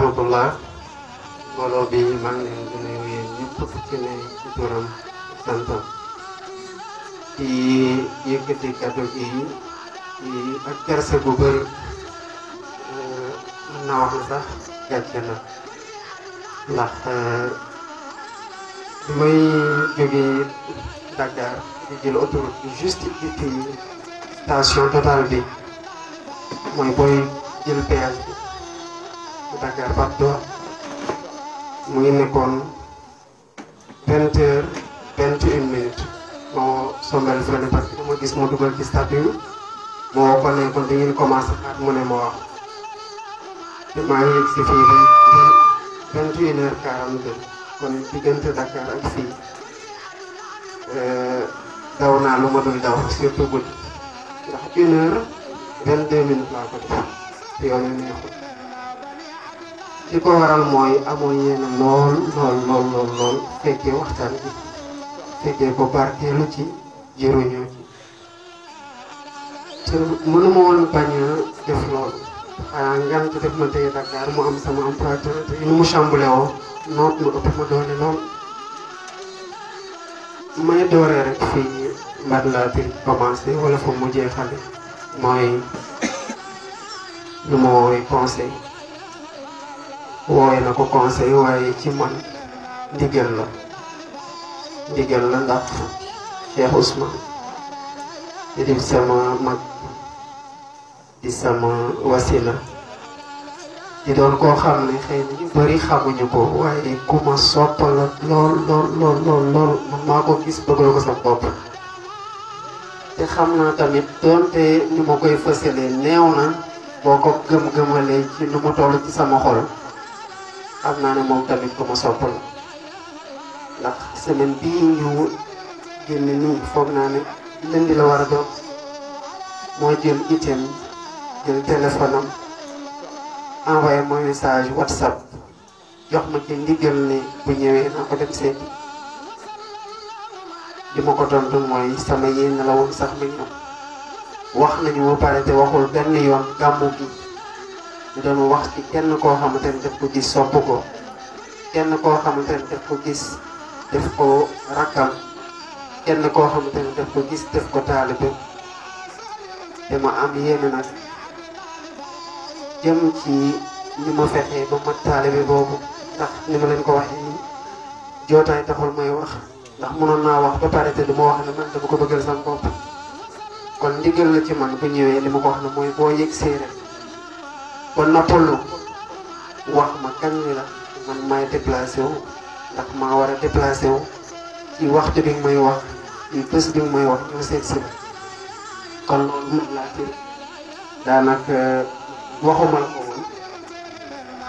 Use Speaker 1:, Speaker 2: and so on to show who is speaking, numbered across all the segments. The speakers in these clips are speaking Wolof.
Speaker 1: rahmatullah mbooloo bi maa ngi leen di nuyu yéen ñëpp ku ci ne ci turam santam ci yëkkati kàddu gi ak kersa gu bëri eh, mën naa wax ne sax gàcce la ndax eh, bi may jógee Dakar di jël autoroute Total bi mooy booy jël péage bi Dakar Backdoor mu ngi nekkoon vingt heures vingt et une minutes moo sombel fële parce que dama gis mu dugal ci statut moo ko ne kon dañuy commencé xaat mu ne ma wax maa ngi si fii ba vingt et une heures quarante deux kon diggante Dakar ak fii euh, daw naa lu ma dul daw surtout guddi ndax une heure vingt deux minutes laa ko def yoon yu neexul li ko waral mooy amoo yéene lool lool lool lool lool fekkee waxtaan bi fekkee ko barkeelu ci jëruñoo ci te mënuma woon bañ a def lool xanaa ngant def ma tey Dakar mu am sama emploi te ni mu chamboulé woo noot ma ëpp doole lool may dooree rek fii mbat laa bi commencé wala fa mujjee xale mooy lu ma woowee wooye na ko conseil waaye ci man ndigal la ndigal la ndax Cheikh Ousmane di di sama mag di sama wasila di doon koo xam ne xëy na ñu bëri xamuñu ko waaye ku ma soppala lool lool lool lool man maa ko gis bëggal ko sa bopp te xam naa tamit doonte ni ma koy fësalee neew na boo ko gëm-gëmalee ci lu mu ci sama xol am naa ne moom tamit ku ma sopp la ndax semaine bii ñu génn nii foog naa ne lundi la war a doon moo jël itam jël téléphone envoyé ma message whatsapp jox ma ci ndigal ne bu ñëwee naa ko dem seeti li ma ko tontu mooy sama yéen la woon sax mi ñëw wax nañu ba pare te waxul benn yoon gàmmu gi ñu doon wax ci kenn koo xamante ne daf ko gis sopp ko kenn koo xamante ne daf ko gis def ko rakkal kenn koo xamante ne ko gis daf ko taalibe te ma am yéene nag jëm ci ñu ma fexe ba ma taalibe boobu ndax ni ma leen ko waxee nii jootaay taxul may wax ndax mënoon naa wax ba pare te duma wax ne man dama ko bëggal sama bopp kon ndigal la ci man bu ñëwee li ma ko xam ne mooy boo yëg séeréer ba noppalu wax ma kañ ni la man maay déplacé ndax maa war a déplacé wu ci waxtu bi may wax ci bés bi may wax ñoo seet si la kon loolu mën laa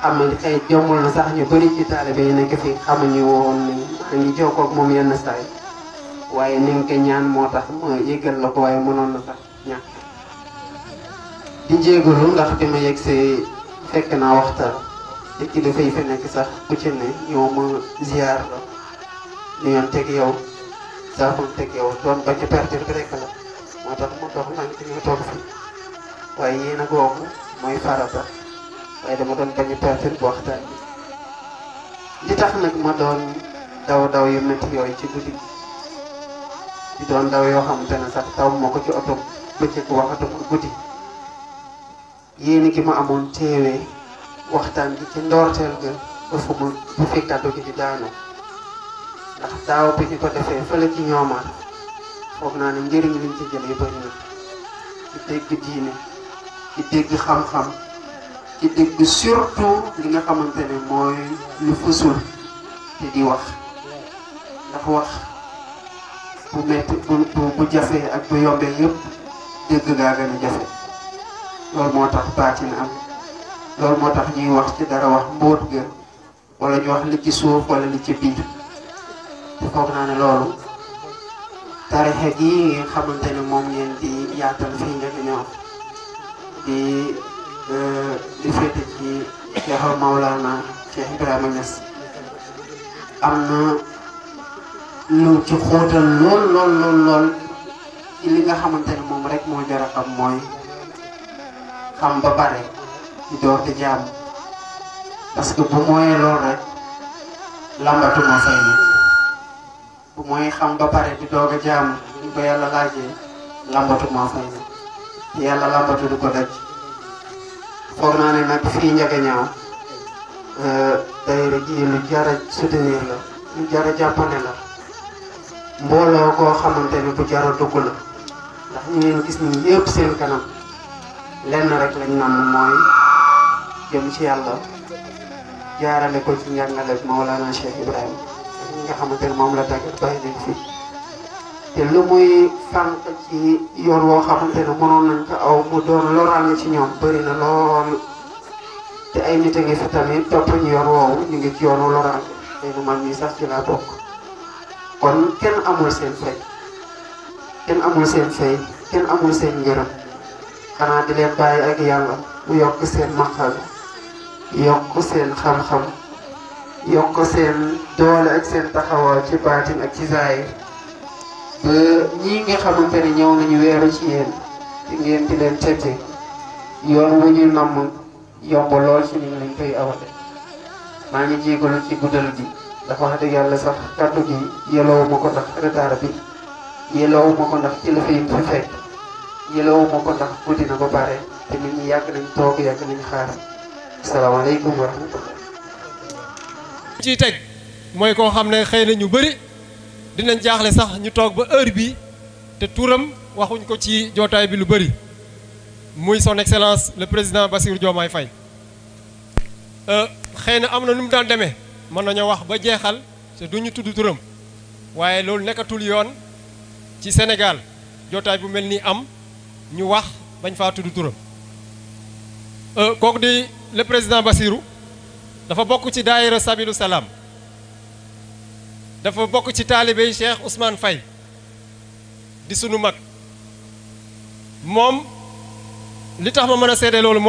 Speaker 1: ay euh, jombul na sax ñu bëri ci taalibe yi nekk fii xamuñu woon moom yenn saa yi waaye ni nga ko ñaan moo tax ma yëgal la ko waaye mënoon na sax ñàkk di jéegalu ndax bi ma yegsee fekk naa waxtaan te kilifa yi fi nekk sax ku ci ne ñoo ma la ñu yoon teg yow saa moom yow doon bañ a perturber rek la moo tax mu dox man ci waaye yéen a googu mooy farata li tax nag ma doon daw daw yu métti yooyu ci guddi di doon daw yoo xamante ne sax taw moo ko ci oto bëccëg waxatu ko guddi yéen gi ma amoon teewee waxtaan gi ci ndoorteel ga dafa mu bu fi kàddu di daanu ndax daaw bi ñu ko defee fële ci ñoomaat foog naa ne njëriñ liñ ci jëlee bëri na ci dégg diine ci dégg xam-xam ci dégg surtout li nga xamante ne mooy lu fësul te di wax ndax wax bu metti bu bu jafee ak bu yombee yëpp dégg gaa gën a jafe lool moo tax baatin am loolu moo tax ñuy wax ci dara wax mbóot wala ñu wax suuf wala li ci biir te foog naa ne loolu tarixe gi ngeen xamante ne moom ngeen di yaatal fii nga ñëw di e, di féete ci Cheikh Maulana am na ci xóotal lool lool lool lool li nga xamante ne moom rek moo jar a xam mooy xam ba pare di door di jaamu parce que bu mooyee loolu rek lambatu moo bu mooy xam ba pare di doog a jaamu ñu ko yàlla laajee lambatu moo fay te yàlla lambatu du ko foog naa nag fii njëkk a ñaaw daayira ji lu jar a soutenir la lu jar a jàppane la mbooloo koo xamante ne bu jar a dugg la ndax ñu ngeen gis nii yëpp seen kanam. lenn rek lañ nam mooy jëm ci yàlla jaarale ko ci njàngale Mawlana Cheikh Ibrahima ñi nga xamante ne moom la tàggat bàyyi nañ fi te lu muy fànq ci yoon woo xamante ne mënoon nañ aw mu doon loraange ci ñoom bëri na lool te ay nit a ngi fi tamit topp ñu yoon woowu ñu ngi ci yoonu loraange tey nu man mii sax ci laa bokk kon kenn amul seen fay kenn amul seen fay kenn amul seen ngërëm xanaa di leen bàyyi ak yàlla mu yokk seen maqal yokk seen xam-xam yokk seen doole ak seen taxawaay ci baatin ak ci zaahir ba ñii nga xamante ne ñëw nañu weeru ci yéen di leen tette yoon wu ñu namm lool ci ñun lañ koy awale maa ngi jégalu ci guddal gi dafa wax yàlla sax kàddu gi yeloowu ma ko ndax retard bi yeloowu ma ndax ci la fi fekk yëloowu
Speaker 2: ciy teg mooy koo xam ne xëy na ñu bëri dinañ jaaxle sax ñu toog ba heure bi te turam waxuñ ko ci jootaay bi lu bari muy son excellence le président Bassirou Diomaye Faye euh, xëy na am na nu mu daan demee mën nañoo wax ba jeexal te duñu tudd turam waaye loolu nekkatul yoon ci Sénégal jootaay bu mel nii am ñu wax bañ faa tudd turam euh, di le président Bassirou dafa bokk ci daayira Sabilu Salaam dafa bokk ci à Cheikh Ousmane Fay, di sunu mag li tax ma mën a seede loolu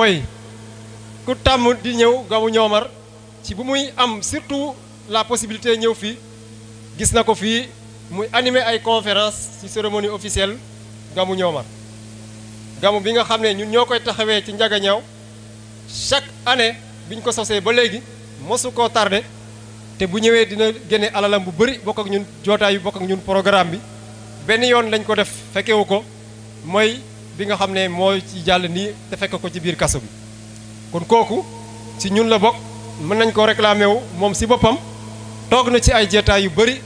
Speaker 2: ku tàmm di ñëw gamu ñoomar ci bu muy am surtout la possibilité ñëw fii gis na ko muy animer ay conférence ci cérémonie officielle gamu ñoomar gamu bi nga xam ne ñun ñoo koy taxawee ci njaga ñaaw chaque année biñ ko sosee ba léegi mosu koo tardé te bu ñëwee dina génne alalam bu bëri bokk ak ñun jootaay yu bokk ak ñun programme bi benn yoon lañ ko def fekkewu ko mooy bi nga xam ne mooy ci jàll nii te fekk ko ci biir kaso bi kon kooku ci ñun la bokk mën nañ ko réclamer wu moom si boppam toog na ci ay jeetaay yu bëri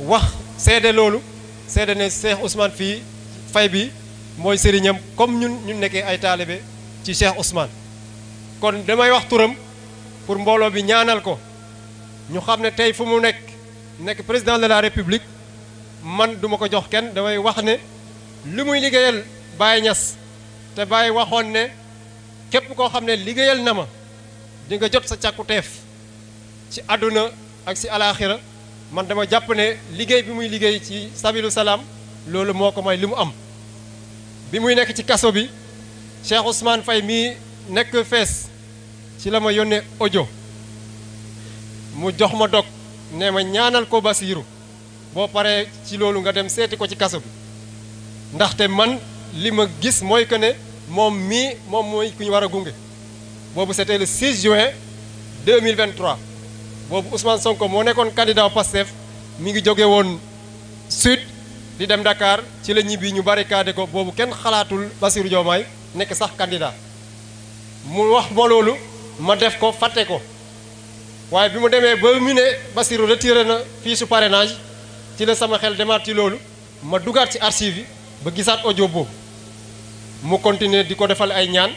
Speaker 2: wax seede loolu seede ne Cheikh Ousmane fii fay bi mooy sëriñam comme ñun ñu nekkee ay taalibe ci Cheikh Ousmane kon damay wax turam pour mbooloo bi ñaanal ko ñu xam ne tey fu mu nekk nekk président de la république man duma ko jox kenn damay wax ne li muy liggéeyal Baye Niass te Baye waxoon ne képp koo xam ne liggéeyal na ma di nga jot sa càkkuteef ci àdduna ak si alaaxira man dama jàpp ne liggéey bi muy liggéey ci sabilu salaam loolu moo ko may li mu am bi muy nekk ci kaso bi Cheikh Ousmane fay mii nekk fees ci la ma yónnee ojo mu jox ma dog ne ma ñaanal ko Basiiru boo paree ci loolu nga dem seeti ko ci kaso bi ndaxte man li ma gis mooy que ne moom mii moom mooy ku ñu war a gunge boobu c'était le 6 juin 2023 boobu Ousmane Sonko moo nekkoon candidat Pastef mi ngi jóge woon sud di dem ndakaar ci la ñibbi ñu barricadé ko boobu kenn xalaatul Bassirou joomaay nekk sax candidat mu wax ma loolu ma def ko fàtte ko waaye bi mu demee ba mu ne Bassirou retiré na fii su parrainage ci la sama xel demaat ci loolu ma dugaat ci archive yi ba gisaat ojo boobu mu continuer di ko defal ay ñaan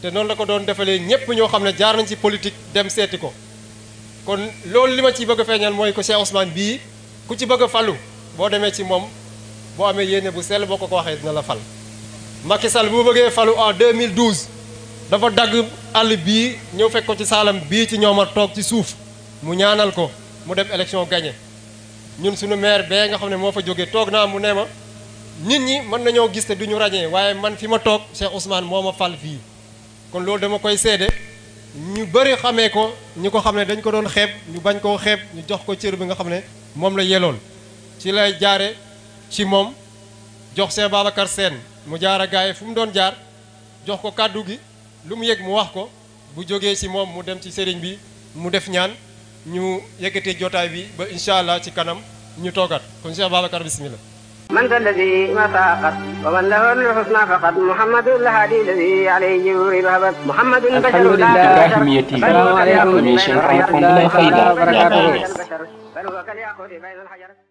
Speaker 2: te noonu la ko doon defalee ñépp ñoo xam ne jaar nañ ci politique dem seeti ko kon loolu li ma ciy bëgg a feeñal mooy ko Cheikh Ousmane bii ku ci bëgg a falu boo demee ci moom boo amee yéene bu sell boo ko ko waxee dina la fal Macky Sall bu bëggee falu en 2012 dafa dagg àll bii ñëw fekk ko ci saalam bii ci ñoom a toog ci suuf mu ñaanal ko mu dem élection gagné ñun suñu maire bee nga xam ne moo fa jógee toog naa mu nee ma nit ñi mën nañoo gis te du ñu ràññee waaye man fi ma toog Cheikh osmaan moo ma fal fii kon loolu dama koy seede ñu bëri xamee ko ñi ko xam ne dañ ko doon xeeb ñu bañ koo xeeb ñu jox ko cër bi nga xam ne moom la yeloon ci lay jaare ci mom jox sen babakar sen mu jaara gaay fu mu doon jaar jox ko kaddu gi lu mu yëg mu wax ko bu joge ci mom mu dem ci serigne bi mu def ñaan ñu yëkkatee jotaay bi ba inshallah ci kanam ñu togat kon Cheikh babakar bismillah
Speaker 1: من ذا الذي ما فاقت ومن له من الحسنى فقط محمد الهادي الذي عليه ربابت محمد بشر الحمد لله حميتي السلام عليكم من شيخ الحمد خيرا بل هو كالياقوت بين الحجر